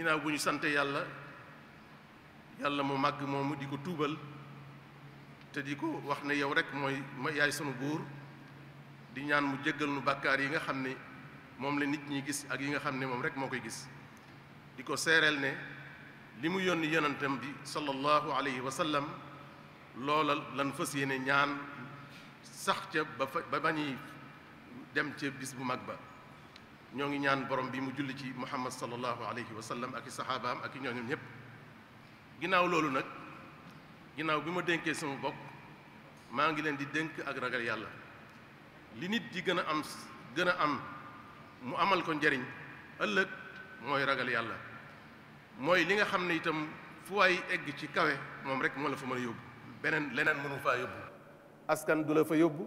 ginnaaw bu ñu sante yàlla yàlla mu màgg moomu di ko tuubal te di ko wax ne yow rek mooy yaay sunu buur di ñaan mu jéggal nu bàkkaar yi nga xam ne moom la nit ñi gis ak yi nga xam ne moom rek moo koy gis di ko seereel ne li mu yónni yonentam bi sallallahu alayhi wa sallam loola lan fas yéene ñaan sax ca ba fa ba bañuy dem ca bis bu mag ba ñoo ngi ñaan borom bi mu julli ci muhammad sallallahu alayhi wa sallam ak i saxaabaam ak i ñooñu ñëpp ginnaaw loolu nag ginnaaw bi ma dénkee sama bopp maa ngi leen di dénk ak ragal yàlla li nit di gën a am gën a am mu amal ko njariñ ëllëg mooy ragal yàlla mooy li nga xam ne itam fu waay egg ci kawe moom rek moo la fa mën a yóbbu beneen leneen mënu faa yóbbu askan du la fa yóbbu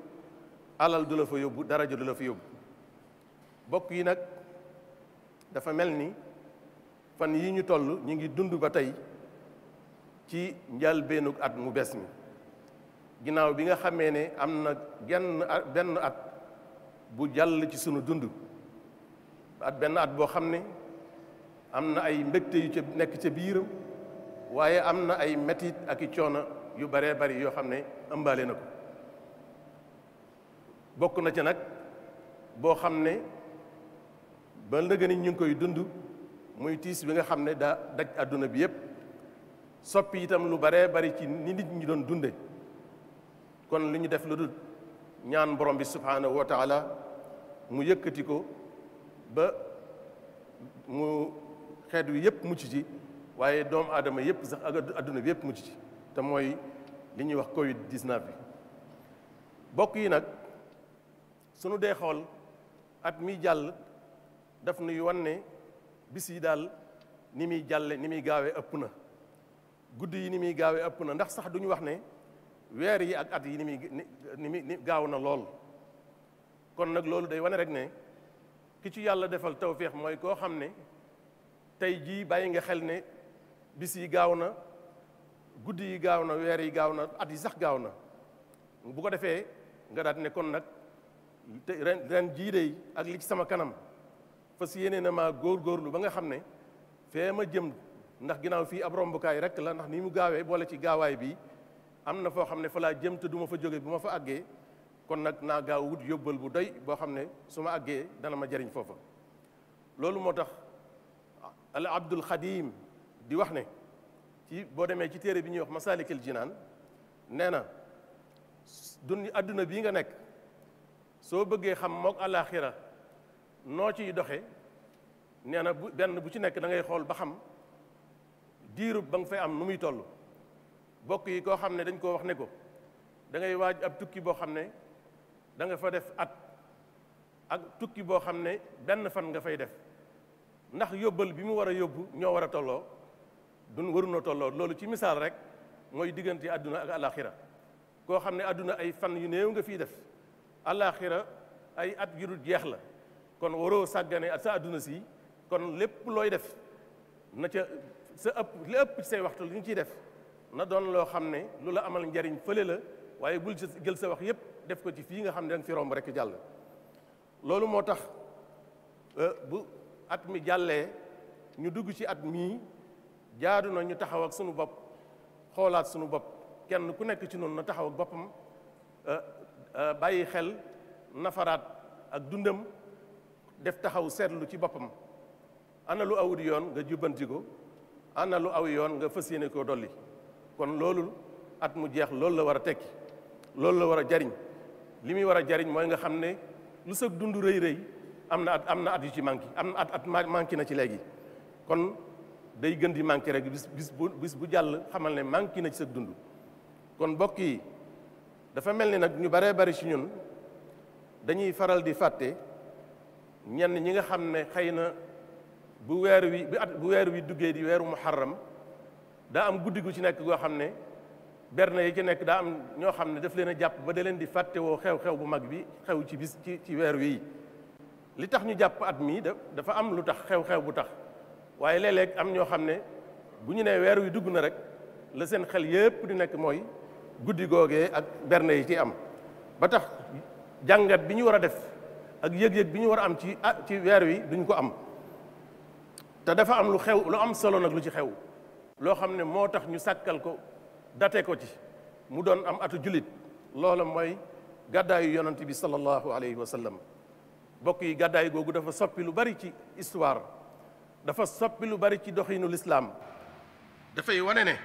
alal du la fa yóbbu daraja du la fa yóbbu bokk yi nag dafa mel ni fan yi ñu toll ñu ngi dund ba tey ci njëlbéenug at mu bees mi ginnaaw bi nga xamee ne am na genn benn at bu jàll ci sunu dund at benn at boo xam ne am na ay mbégte yu nekk ca biiram waaye am na ay metit ak i coono yu baree bari yoo xam ne ëmbaale na ko bokk na ca nag boo xam ne ba ndëgë ni ñu ngi koy dund muy tiis bi nga xam ne daa daj àdduna bi yépp soppi itam lu baree bari ci ni nit ñi doon dunde kon li ñu def lu dul ñaan borom bi subhaanahu wa taala mu yëkkati ko ba mu xeet wi yépp mucc ci waaye doomu aadama yépp sax ak àdduna bi yépp mucc ci te mooy li ñuy wax covid 19 bi bokk yi nag sunu dee xool at mi jàll daf nuy wan ne bis yi daal ni muy jàlle ni muy gaawee ëpp na guddi yi ni muy gaawe ëpp na ndax sax duñu wax ne weer yi ak at yi ni muy ni muy ni gaaw na lool kon nag loolu day wane rek ne ki ci yàlla defal tawféex mooy koo xam ne tey jii bàyyi nga xel ne bis yi gaaw na guddi yi gaaw na weer yi gaaw na at yi sax gaaw na bu ko defee nga daat ne kon nag ren ren jii dey ak li ci sama kanam fas yéene na maa góorgóorlu ba nga xam ne fee ma jëm ndax ginnaaw fii ab rombukaay rek la ndax ni mu gaawee boole ci gaawaay bi am na foo xam ne fa laa jëm te du fa jóge bu ma fa àggee kon nag naa gaaw wut yóbbal bu doy boo xam ne su ma àggee dana ma jariñ foofa loolu moo tax al abdul xadim di wax ne ci boo demee ci téere bi ñuy wax ma masalikal jinaan nee na dun àdduna bii nga nekk soo bëggee xam mook alaxira noo ciy doxe nee na bu benn bu ci nekk da ngay xool ba xam diirub ba nga fay am nu muy toll bokk yi koo xam ne dañ koo wax ne ko dangay ngay waaj ab tukki boo xam ne da fa def at ak tukki boo xam ne benn fan nga fay def ndax yóbbal bi mu war a yóbbu ñoo war a tolloo duñ warunoo tolloo loolu ci misaal rek mooy diggante àdduna ak alaxira koo xam ne àdduna ay fan yu néew nga fiy def alaxira ay at yu dul jeex la kon waroo sàggane ak sa àdduna si kon lépp looy def na ca sa ëpp li ëpp say waxtu li ñu ciy def na doon loo xam ne lu la amal njariñ fële la waaye bul jël sa wax yépp def ko ci fii nga xam ne danga fi romb rek jàll loolu moo tax euh, bu at mi jàllee ñu dugg ci at mii jaadu na ñu taxaw ak sunu bopp xoolaat sunu bopp kenn ku nekk ci noonu na taxaw ak boppam euh, euh, bàyyi xel nafaraat ak dundam def taxaw seetlu ci boppam ana lu awut yoon nga jubbanti ko ana lu aw yoon nga fas yéene koo dolli kon loolu at mu jeex loolu la war a tekki loolu la war a jariñ li muy war a jariñ mooy nga xam ne lu sa dund rëy rëy am na at am na at yu ci manqué am na at at manqué na ci léegi kon day gën di manqué rek bis bis bu bis bu jàll xamal ne manqué na ci sa dund kon mbokk yi dafa mel ni nag ñu baree bari ci ñun dañuy faral di fàtte ñenn ñi nga xam ne xëy na bu weer wi bu at bu weer wi duggee di weeru muharram daa am guddi gu ci nekk goo xam ne berne yi ci nekk daa am ñoo xam ne daf leen a jàpp ba da leen di fàttewoo xew-xew bu mag bi xew ci bis ci ci weer wi li tax ñu jàpp at mii dafa am lu tax xew-xew bu tax waaye léeg-léeg am ñoo xam ne bu ñu nee weer wi dugg na rek la seen xel yépp di nekk mooy guddi googee ak berne yi ci am ba tax jàngat bi ñu war a def ak yëg-yëg bi ñu war a am ci ah ci weer wi duñ ko am te dafa am lu xew lu am solo nag lu ci xew loo xam ne moo tax ñu sàkkal ko date ko ci mu doon am atu julit loola mooy gàddaayu yonent bi sallallahu alayhi wa sallam bokk yi gàddaay googu dafa soppi lu bari ci histoire dafa soppi lu bari ci doxinu lislaam dafay wane ne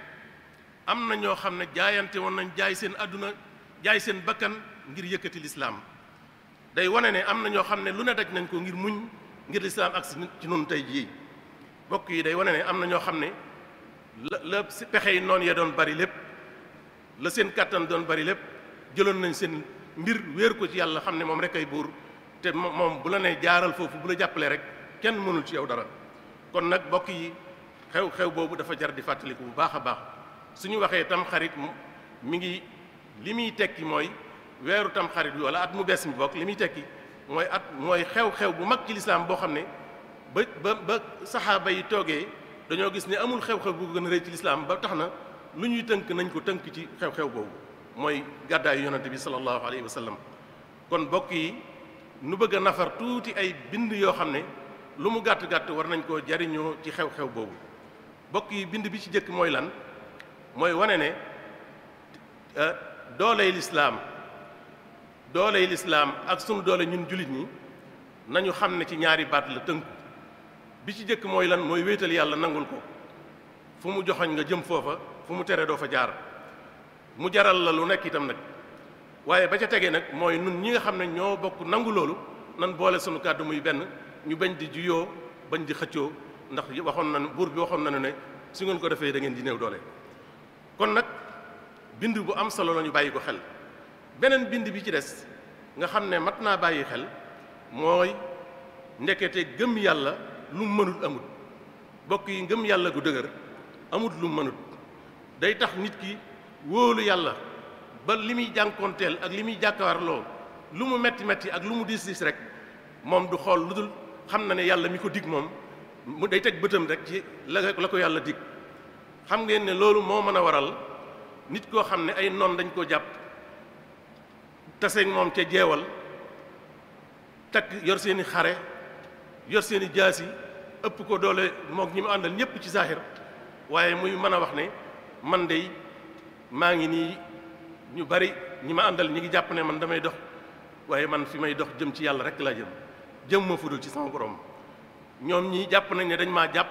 am na ñoo xam ne jaayante woon nañ jaay seen àdduna jaay seen bakkan ngir yëkkati lislaam day wane ne am na ñoo xam ne lu ne daj nañ ko ngir muñ ngir lislaam ak ci noonu tey jii bokk yi day wane ne am na ñoo xam ne la la si pexe yi noonu ya doon bari lépp la seen kàttan doon bari lépp jëloon nañ seen mbir wéer ko ci yàlla xam ne moom rek ay buur te moom bu la nee jaaral foofu bu la jàppalee rek kenn mënul ci yow dara kon nag bokk yi xew-xew boobu dafa jar di fàttaliku bu baax a baax su ñu waxee tam xarit mi ngi li muy tekki mooy weeru tam bi wala at mu bees mi bokk li muy tekki mooy at mooy xew-xew bu mag ci lislaam boo xam ne ba ba saxaaba yi toogee dañoo gis ne amul xew-xew bu gën a rëy ci lislaam ba tax na lu ñuy tënk nañ ko tënk ci xew-xew boobu mooy gàddaayu yonante bi sallallahu alayhi wa sallam kon bokk yi nu bëgg a nafar tuuti ay bind yoo xam ne lu mu gàtt-gàtt war nañ koo jariñoo ci xew-xew boobu bokk yi bind bi ci jëkk mooy lan mooy wane ne eh, dooley lislaam doole yi lislaam ak sunu doole ñun jullit ñi nañu xam ne ci ñaari baat la tënku bi ci jëkk mooy lan mooy wéetal yàlla nangul ko fu mu joxoñ nga jëm foofa fu mu tere doo fa jaar mu jaral la lu nekk itam nag waaye ba ca tegee nag mooy nun ñi nga xam ne ñoo bokk nangu loolu nan boole sunu kàddu muy benn ñu bañ di juyoo bañ di xëccoo ndax waxoon nañu buur bi waxoon nañu ne su ngeen ko defee da ngeen di néew doole kon nag bind bu am solo la ñu bàyyi ko xel beneen bind bi ci des nga xam ne mat naa bàyyi xel mooy ndekete gëm yàlla lu mënut amut bokk yi gëm yàlla gu dëgër amut lu mënut day tax nit ki wóolu yàlla ba li muy jànkoonteel ak li muy jàkkaarloo lu mu metti metti ak lu mu diis diis rek moom du xool lu dul xam na ne yàlla mi ko dig moom mu day teg bëtam rek ci la la ko yàlla dikk xam ngeen ne loolu moo mën a waral nit koo xam ne ay noon dañ koo jàpp taseeg moom ca jeewal takk yor seeni xare yor seeni jaasi ëpp ko doole mook ñi ma àndal ñëpp ci saaxir waaye muy mën a wax ne man dey maa ngi nii ñu bari ñu ma àndal ñi ngi jàpp ne man damay dox waaye man fi may dox jëm ci yàlla rek laa jëm jëm ma fudul ci sama borom ñoom ñi jàpp nañ ne dañ maa jàpp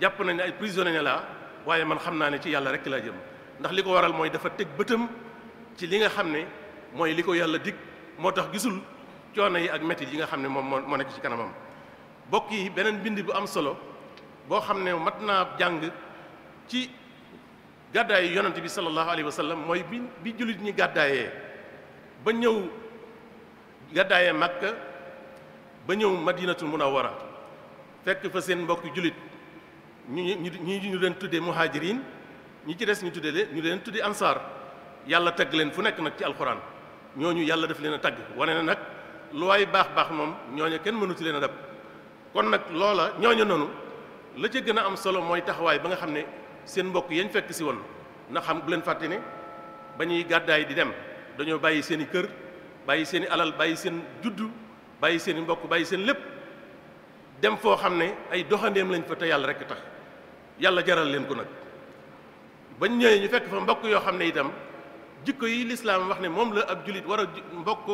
jàpp nañ ne ay prisonnier laa waaye man xam naa ne ci yàlla rek laa jëm ndax li ko waral mooy dafa teg bëtam ci li nga xam ne mooy li ko yàlla dikk moo tax gisul coono yi ak métit yi nga xam ne moom moo nekk ci kanamam bokk yi beneen bind bu am solo boo xam ne mat naa jàng ci gàddaayu yonent bi sallallahu alayhi wa mooy bi bi jullit ñi gàddaayee ba ñëw gàddaayee Makka ba ñëw a wara fekk fa seen mbokk jullit ñu ñu ñu ñu leen tuddee muhaajiriin ñi ci des ñu tuddee ñu leen tuddee ansaar yàlla tagg leen fu nekk nag ci alxuraan. ñooñu yàlla def leen a tagg wane na nag lu waay baax baax moom ñooñu kenn mënu ci leen a dab kon nag loola ñooñu noonu la ca gën a am solo mooy taxawaay ba nga xam ne seen mbokk yañ fekk si woon na xam bu leen fàtte ne ba ñuy gàddaay di dem dañoo bàyyi seen i kër bàyyi seen i alal bàyyi seen juddu bàyyi seen i mbokk bàyyi seen lépp dem foo xam ne ay doxandeem lañ fa te yàlla rek tax yàlla jaral leen ko nag bañ ñëwee ñu fekk fa mbokk yoo xam ne itam jikko yi lislaam wax ne moom la ak jullit war a mbokk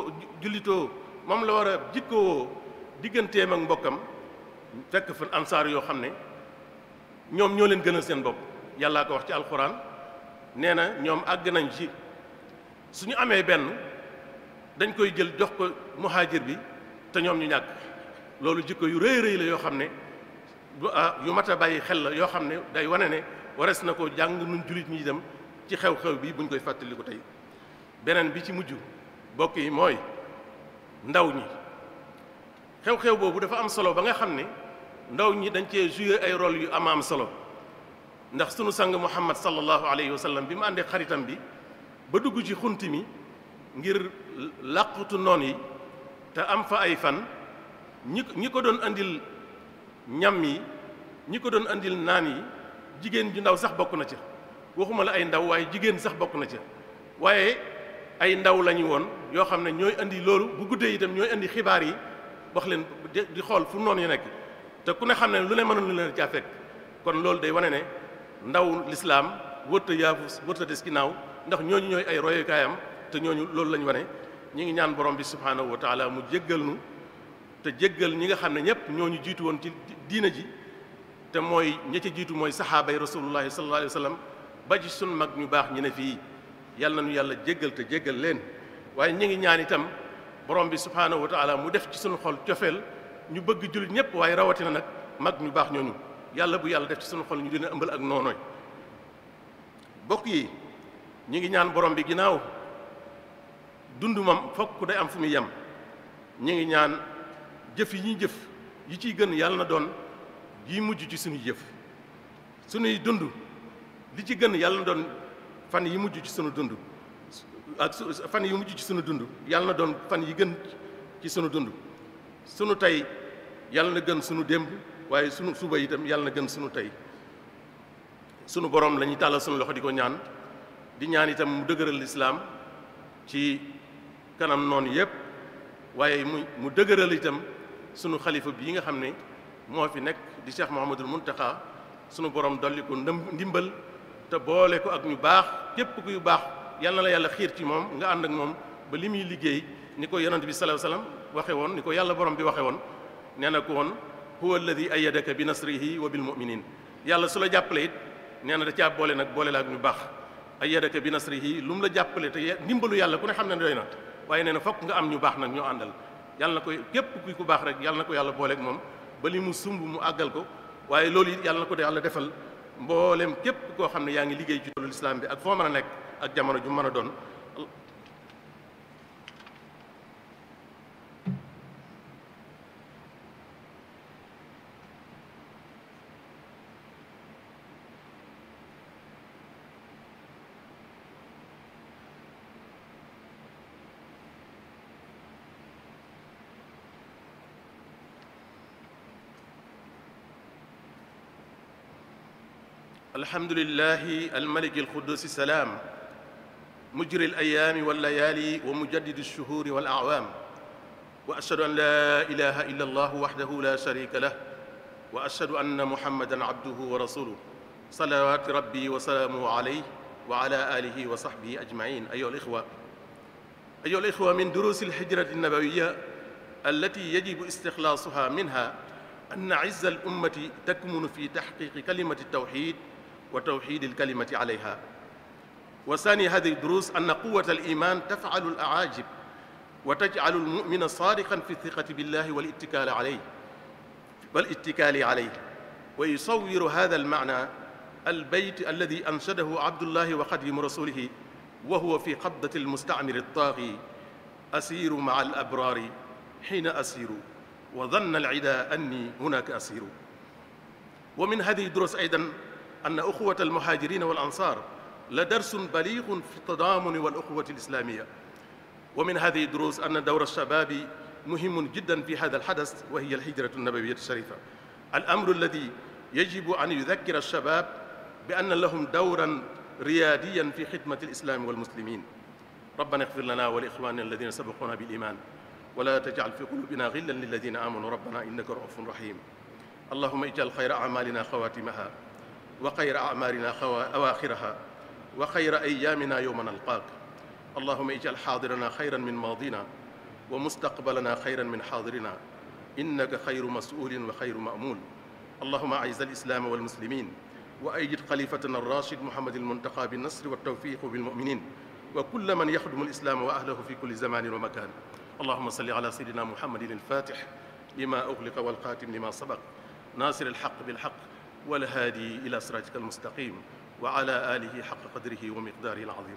jullitoo moom la war a jikkoo digganteem ak mbokkam fekk fa ansaar yoo xam ne ñoom ñoo leen gënal seen bopp yàllaa ko wax ci alxuraan nee na ñoom àgg nañ ci suñu amee benn dañ koy jël jox ko muhaajir bi te ñoom ñu ñàkk loolu jikko yu rëy rëy la yoo xam ne ah, yu mat a bàyyi xel la yoo xam ne day wane ne warees na ko jàng nun jullit ñii dem ci xew-xew bi buñ koy fàttaliku tey beneen bi ci mujj bokk yi mooy ndaw ñi xew-xew boobu dafa am solo ba nga xam ne ndaw ñi dañ cee jouer ay rôle yu am am solo ndax sunu sang muhammad sallallahu alayhi wa sallam bi mu àndee xaritam bi ba dugg ci xunt mi ngir làqutu noon yi te am fa ay fan ñi ñi ko doon indil ñam yi ñi ko doon indil naan yi jigéen ju ndaw sax bokk na ci waxuma la ay ndaw waaye jigéen sax bokk na ca waaye ay ndaw lañu woon yoo xam ne ñooy indi loolu bu guddee itam ñooy indi xibaar yi wax leen di xool fu noonu yu nekk te ku ne xam ne lu ne mënoon lu leen caa fekk kon loolu day wane ne ndaw lislaam wërta yaafus wërta des ginnaaw ndax ñooñu ñooy ay royukaayam te ñooñu loolu lañu wane ñi ngi ñaan borom bi subhaanahu wa taala mu jéggal nu te jéggal ñi nga xam ne ñëpp ñooñu jiitu woon ci diina ji te mooy ña ca jiitu mooy saxaabay rasulullahi sallallahu alayhi wa sallam ba ci sunu mag ñu baax ñu ne fii yàlla nañu yàlla jéggal te jéggal leen waaye ñu ngi ñaan itam borom bi subhaanahu wa mu def ci sunu xol cofeel ñu bëgg jullit ñëpp waaye rawatina nag mag ñu baax ñooñu yàlla bu yàlla def ci sunu xol ñu dina ëmbal ak noonooy bokk yi ñu ngi ñaan borom bi ginnaaw dund moom fokk day am fu muy yem ñu ngi ñaan jëf yi ñuy jëf yi ciy gën yàlla na doon yi mujj ci sunuy jëf sunuy dund li ci gën yàlla na doon fan yi mujj ci sunu dund ak fan yi mujj ci sunu dund yàlla na doon fan yi gën ci sunu dund sunu tey yàlla na gën sunu démb waaye sunu suba itam yàlla na gën sunu tey sunu borom lañuy tàllal sunu loxo di ko ñaan di ñaan itam mu dëgëral lislaam ci kanam noonu yépp waaye mu mu dëgëral itam sunu xalifa bi yi nga xam ne moo fi nekk di Cheikh Mouhamadul Mountakha sunu borom dolli ko ndimbal te boole ko ak ñu baax képp kuy baax na la yàlla xiir ci moom nga ànd ak moom ba li muy liggéey ni ko yenant bi sallallahu alayhi wasallam waxe woon ni ko yàlla borom bi waxe woon nee na ko woon huwa alladi ayadaka bi nasrihi wa bil muminin yàlla su la jàppalee it nee na da caa boole nag boole la ak ñu baax ayadaka bi nasrihi lu mu la jàppalee te ndimbalu yàlla ku ne xam ne doy na waaye nee na fokk nga am ñu baax nag ñoo àndal yàlla na ko képp kuy ku baax rek yàlla na ko yàlla booleeg moom ba li mu sumb mu àggal ko waaye loolu it yàlla na ko yàlla defal mboolem képp koo xam ne yaa ngi liggéey ci tollu lislaam bi ak foo man a nekk ak jamono ju mën a doon الحمد لله الملك القدوس السلام مجري الأيام والليالي ومجدد الشهور والأعوام وأشهد أن لا إله إلا الله وحده لا شريك له وأشهد أن محمدا عبده ورسوله صلوات ربي وسلامه عليه وعلى آله وصحبه أجمعين أيها الإخوة أيها الإخوة من دروس الحجرة النبوية التي يجب استخلاصها منها أن عز الأمة تكمن في تحقيق كلمة التوحيد وتوحيد الكلمة عليها وثاني هذه الدروس أن قوة الإيمان تفعل الأعاجب وتجعل المؤمن صادقا في الثقة بالله والاتكال عليه والاتكال عليه ويصور هذا المعنى البيت الذي أنشده عبد الله وخدم رسوله وهو في قبضة المستعمر الطاغي أسير مع الأبرار حين أسير وظن العدا أني هناك أسير ومن هذه الدروس أيضا أن أخوة المهاجرين والأنصار لدرس بليغ في التضامن والأخوة الإسلامية ومن هذه الدروس أن دور الشباب مهم جدا في هذا الحدث وهي الهجرة النبوية الشريفة الأمر الذي يجب أن يذكر الشباب بأن لهم دورا رياديا في خدمة الإسلام والمسلمين ربنا اغفر لنا ولإخواننا الذين سبقونا بالإيمان ولا تجعل في قلوبنا غلا للذين آمنوا ربنا إنك رؤوف رحيم اللهم اجعل خير أعمالنا خواتمها wa xayra acmaarinaa awaaxiraha wa xayra ayyaaminaa yowma nalqaak allahuma ijcal xaadiranaa xayran min maadinaa wa mustaqbalanaa xayran min xaadirinaa innaka xayru mas'uulin wa xayru ma'muul allahuma aciz alislaama walmuslimiin wa aydid xalifatana arraashid muhammad almuntaqa binnasri waltawfiiq bilmuminin wa kulla man yaxdumu alislaama wa ahlahu fi kulli zamanin wa makaan allahuma salli ala sayidina muhammadin alfatix lima uxliqa walxaatim lima sabaq naasir alxaq bilxaq والهادي إلى صراطك المستقيم وعلى آله حق قدره ومقداره العظيم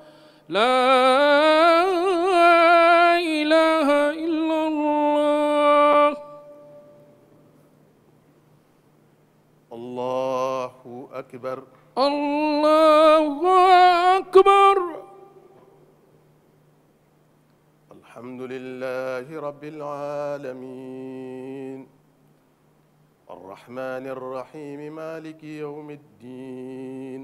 laa ilaaha illallah allahu akbar allahu akbar alhamdulillahi rabbil aalamiin arrahmaani arrahiim maaliki yawmi ddiin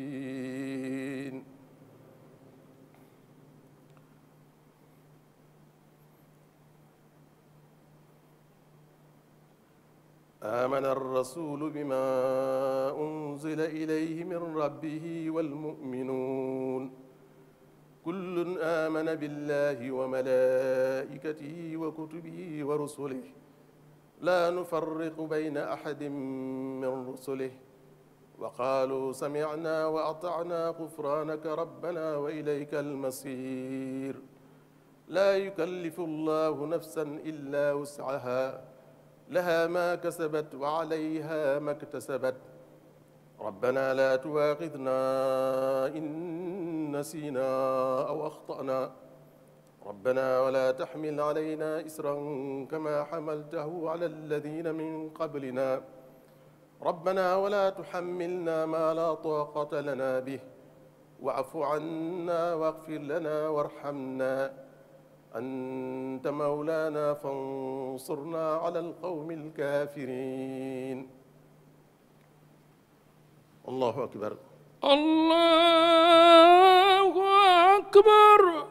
آمن الرسول بما أنزل إليه من ربه والمؤمنون كل آمن بالله وملائكته وكتبه ورسله لا نفرق بين أحد من رسله وقالوا سمعنا وأطعنا غفرانك ربنا وإليك المصير لا يكلف الله نفسا إلا وسعها laha ma kasabat wa alayha ma ktasabat rabbana la tuwaxidna in nasina aw axtana rabbana wala taxmil alayna isran kama xamaltahu ala alladina min qablina rabbana wala tuxamilna ma la taqata lana bih wafu anna waxfir lana warxamna أنت مولانا فانصرنا على القوم الكافرين الله أكبر الله أكبر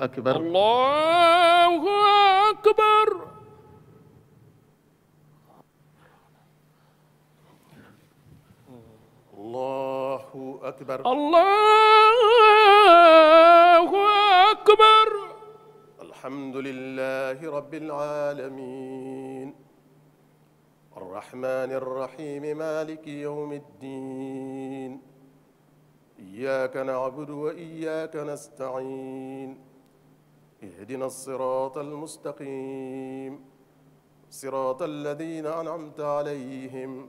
أكبر الله أكبر الله أكبر الله أكبر الحمد لله رب العالمين الرحمن الرحيم مالك يوم الدين إياك نعبد وإياك نستعين اهدنا الصراط المستقيم صراط الذين أنعمت عليهم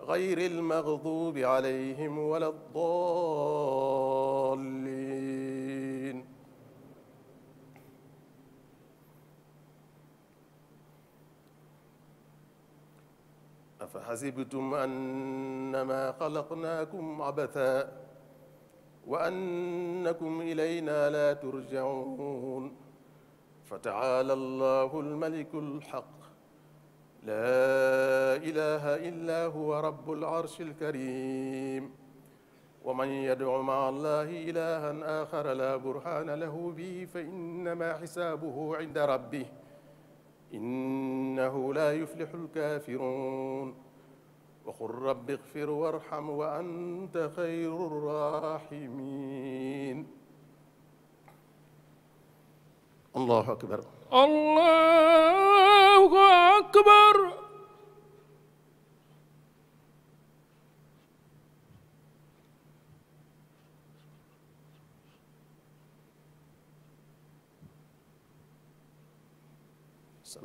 غير المغضوب عليهم ولا الضالين أفحسبتم أنما خلقناكم عبثاً wa annakum ilayna la turjaun fataala allahu almaliku alxaq la ilaha illa huwa rabu alarshi alkarim wa man yadcu maa allahi ilahan axara la burhana lahu bihi fa innama xisaabuhu cinda rabbih innahu la yuflixu alkafirun وقل رب اغفر وارحم وأنت خير الراحمين الله أكبر الله أكبر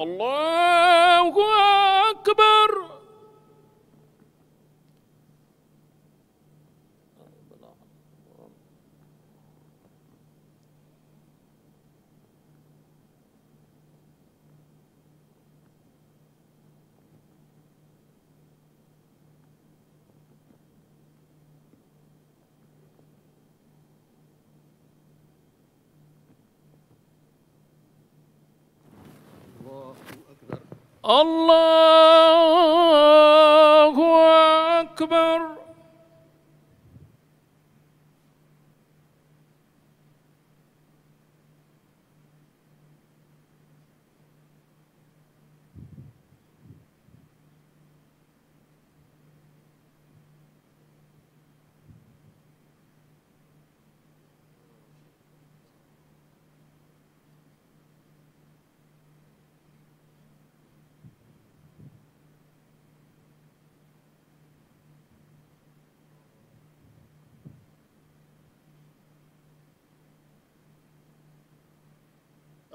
الله Allah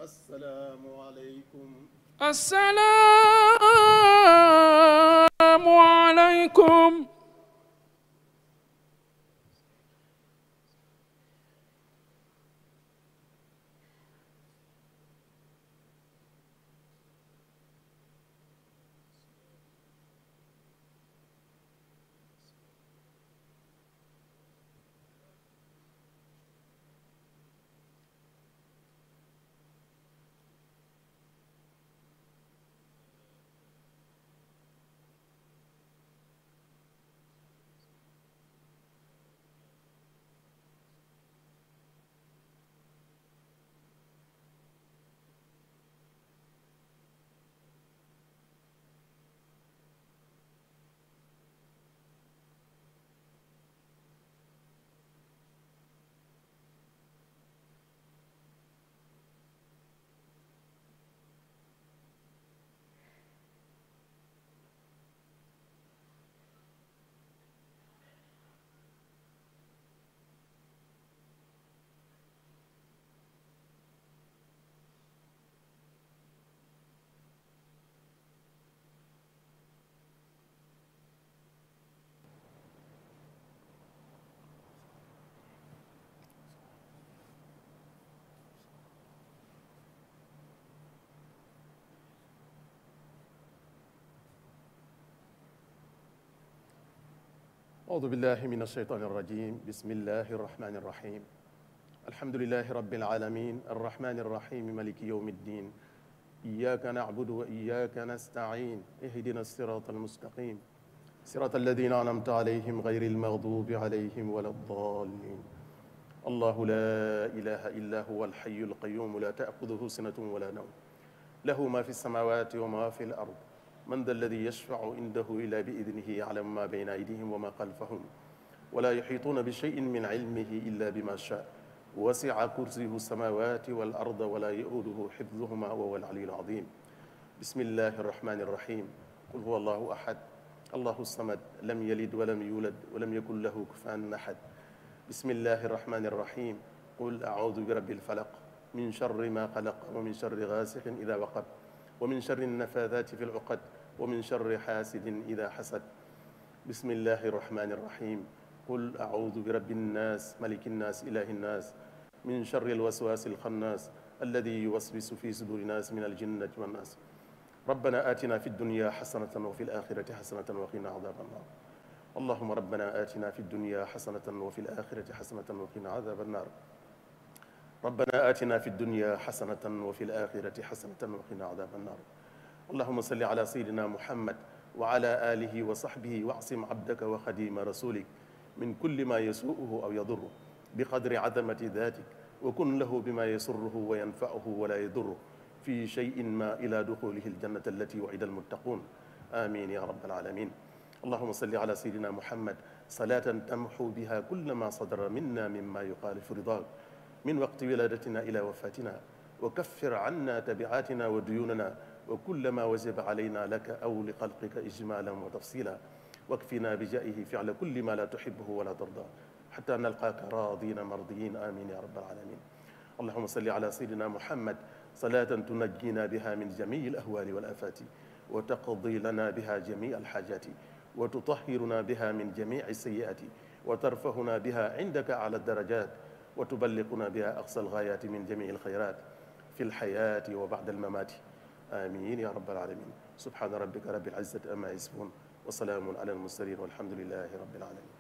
assalaamu aleykum أعوذ بالله من الشيطان الرجيم بسم الله الرحمن الرحيم الحمد لله رب العالمين الرحمن الرحيم ملك يوم الدين إياك نعبد وإياك نستعين اهدنا الصراط المستقيم صراط الذين أنعمت عليهم غير المغضوب عليهم ولا الضالين الله لا إله إلا هو الحي القيوم لا تأخذه سنة ولا نوم له ما في السماوات وما في الأرض man da alladi yashfau indahu ila bi idnihi yalamu ma bayna aydihim wa ma xalfahum wala yuxituuna bi cheyin min ilmihi illa bima sha wasia kursiyu samawati wal arda wala yauduhu xifduhuma wa huwa alaliyu alazim bismillahi arrahmani arrahim qul huwa allahu ahad allahu samad lam yalid walam yulad walam yakun lahu kufuwan ahad bismillahi arrahmani arrahim qul audu bi rabbil falaq min charri ma xalaq wa min charri gaasiqin ida waqab wa min charri nafaathati fi l uqad wa min charri xaasidin ida xasad bismillahi irrahmani irrahim qul audu bi rabbi nnaas maliki nnaas ilahi nnaas min charri alwaswaasi alxannaas alladi yuwaswisu fi suduri naas min aljinnati wannaas ربنا آتنا في الدنيا حسنة وفي الآخرة حسنة وقنا عذاب النار اللهم ربنا آتنا في الدنيا حسنة وفي الآخرة حسنة وقنا عذاب النار ربنا آتنا في الدنيا حسنة وفي الآخرة حسنة وقنا عذاب النار allahuma salli ala sayidina muhammad wa ala alihi wa sahbihi wa asim abdaka wa xadima rasulik min kulli ma yasuuhu aw yadurru bi qadri azamati datik wa kun lahu bima yasurruhu wa yanfauhu wa la yadurru fi cheyin ma ila duxulihi aljannata allati wa'ida almuttaqun amin ya rabbal alamin allahuma salli ala sayidina muhammad salatan tamxu biha kulla ma sadara minna mimma yuxaalifu ridaak min waqti wiladatina ila wafatina wa kaffir anna tabiatina wa duyunana وكلما وجب علينا لك أو لخلقك إجمالا وتفصيلا واكفنا بجائه فعل كل ما لا تحبه ولا ترضى حتى نلقاك راضين مرضيين آمين يا رب العالمين اللهم صل على سيدنا محمد صلاة تنجينا بها من جميع الأهوال والآفات وتقضي لنا بها جميع الحاجات وتطهرنا بها من جميع السيئات وترفعنا بها عندك على الدرجات وتبلغنا بها أقصى الغايات من جميع الخيرات في الحياة وبعد الممات amin ya rabbal alamin subhana rabbika rabbil izzati amma yasifun wa salaamun ala al mursalin walhamdulillahi rabbil alamin